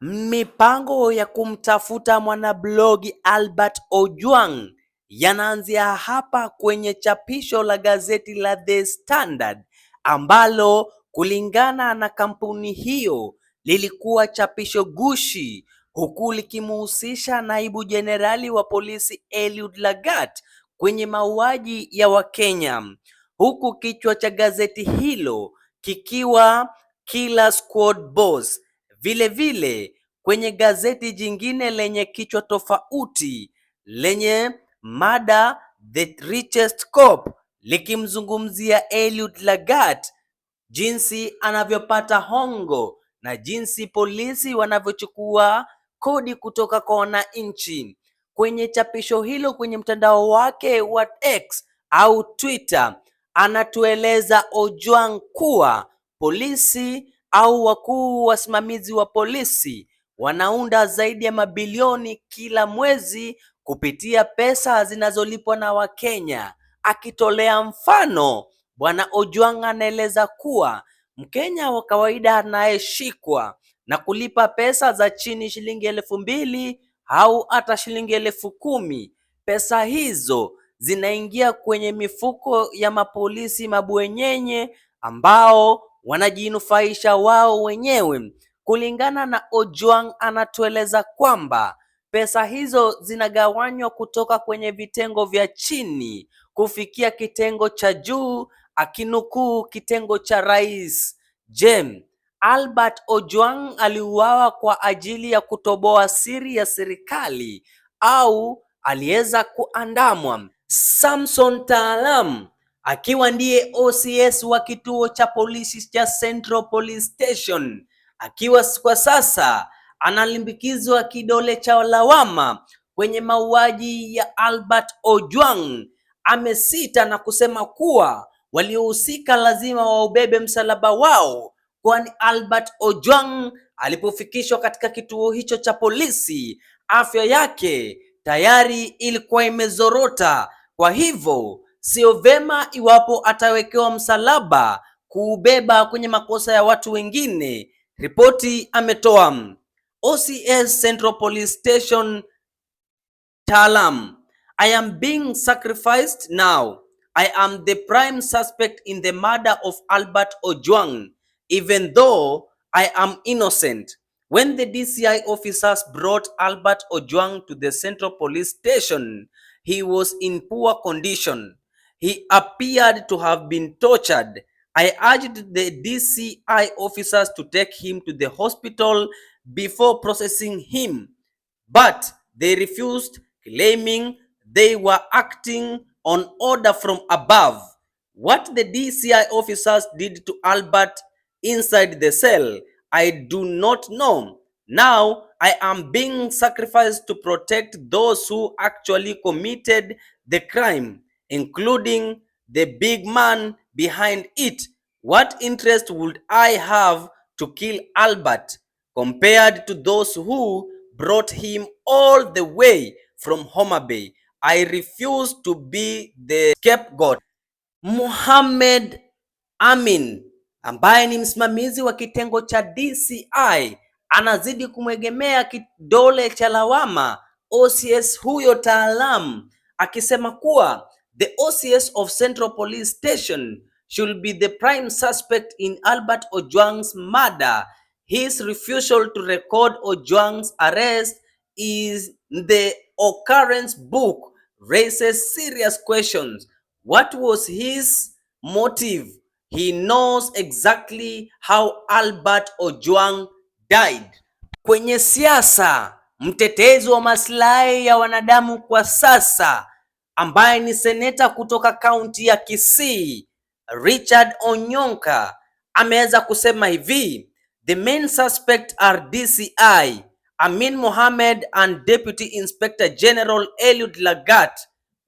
Mipango ya kumtafuta mwanablogi Albert Ojwang yanaanzia hapa kwenye chapisho la gazeti la The Standard ambalo kulingana na kampuni hiyo lilikuwa chapisho gushi, huku likimhusisha naibu jenerali wa polisi Eliud Lagat kwenye mauaji ya Wakenya, huku kichwa cha gazeti hilo kikiwa Killer Squad Boss Vilevile kwenye gazeti jingine lenye kichwa tofauti lenye mada the richest cop likimzungumzia Eliud Lagat jinsi anavyopata hongo na jinsi polisi wanavyochukua kodi kutoka kwa wananchi. Kwenye chapisho hilo kwenye mtandao wake wa X au Twitter, anatueleza Ojwang kuwa polisi au wakuu wasimamizi wa polisi wanaunda zaidi ya mabilioni kila mwezi kupitia pesa zinazolipwa na Wakenya. Akitolea mfano, Bwana Ojwang anaeleza kuwa Mkenya wa kawaida anayeshikwa na kulipa pesa za chini shilingi elfu mbili au hata shilingi elfu kumi, pesa hizo zinaingia kwenye mifuko ya mapolisi mabwenyenye ambao wanajinufaisha wao wenyewe. Kulingana na Ojwang, anatueleza kwamba pesa hizo zinagawanywa kutoka kwenye vitengo vya chini kufikia kitengo cha juu, akinukuu kitengo cha rais. Je, Albert Ojwang aliuawa kwa ajili ya kutoboa siri ya serikali au aliweza kuandamwa? Samson Taalam akiwa ndiye OCS wa kituo cha polisi cha Central Police Station, akiwa kwa sasa analimbikizwa kidole cha lawama kwenye mauaji ya Albert Ojwang, amesita na kusema kuwa waliohusika lazima waubebe msalaba wao, kwani Albert Ojwang alipofikishwa katika kituo hicho cha polisi, afya yake tayari ilikuwa imezorota, kwa hivyo sio vema iwapo atawekewa msalaba kuubeba kwenye makosa ya watu wengine, ripoti ametoa OCS Central Police Station Talam. I am being sacrificed now. I am the prime suspect in the murder of Albert Ojwang even though I am innocent. When the DCI officers brought Albert Ojwang to the Central Police Station, he was in poor condition. He appeared to have been tortured. I urged the DCI officers to take him to the hospital before processing him, but they refused, claiming they were acting on order from above. What the DCI officers did to Albert inside the cell, I do not know. Now I am being sacrificed to protect those who actually committed the crime including the big man behind it, what interest would I have to kill Albert compared to those who brought him all the way from Homa Bay? I refuse to be the scapegoat. Muhammad Amin ambaye ni msimamizi wa kitengo cha DCI anazidi kumwegemea kidole cha lawama OCS huyo taalamu akisema kuwa The OCS of Central Police Station should be the prime suspect in Albert Ojwang's murder. His refusal to record Ojwang's arrest is the occurrence book raises serious questions. What was his motive? He knows exactly how Albert Ojwang died. Kwenye siasa, mtetezi wa maslahi ya wanadamu kwa sasa ambaye ni seneta kutoka kaunti ya Kisii Richard Onyonka ameweza kusema hivi, the main suspect are DCI Amin Mohamed and Deputy Inspector General Eliud Lagat.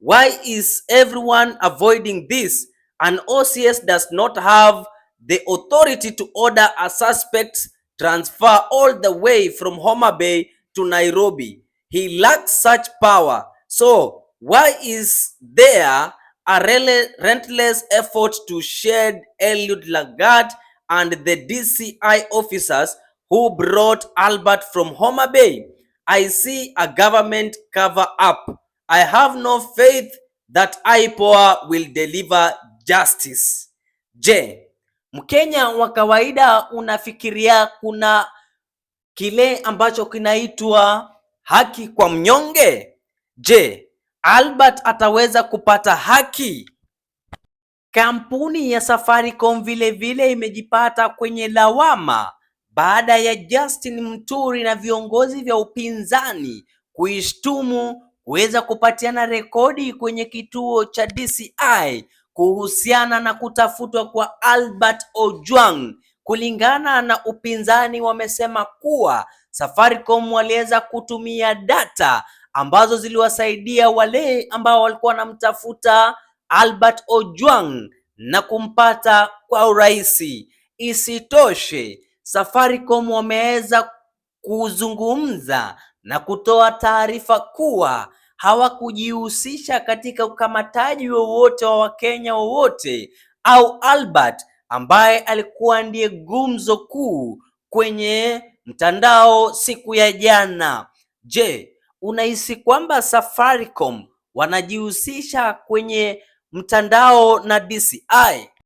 Why is everyone avoiding this? An OCS does not have the authority to order a suspect transfer all the way from Homa Bay to Nairobi. He lacks such power. So Why is there a relentless effort to shed Eliud Lagat and the DCI officers who brought Albert from Homa Bay? I see a government cover up. I have no faith that IPOA will deliver justice. Je, Mkenya wa kawaida unafikiria kuna kile ambacho kinaitwa haki kwa mnyonge? Je, Albert ataweza kupata haki. Kampuni ya Safaricom vile vile imejipata kwenye lawama baada ya Justin Muturi na viongozi vya upinzani kuishtumu kuweza kupatiana rekodi kwenye kituo cha DCI kuhusiana na kutafutwa kwa Albert Ojwang. Kulingana na upinzani, wamesema kuwa Safaricom waliweza kutumia data ambazo ziliwasaidia wale ambao walikuwa wanamtafuta Albert Ojwang na kumpata kwa urahisi. Isitoshe, Safaricom wameweza kuzungumza na kutoa taarifa kuwa hawakujihusisha katika ukamataji wowote wa Wakenya wowote au Albert ambaye alikuwa ndiye gumzo kuu kwenye mtandao siku ya jana. Je, unahisi kwamba Safaricom wanajihusisha kwenye mtandao na DCI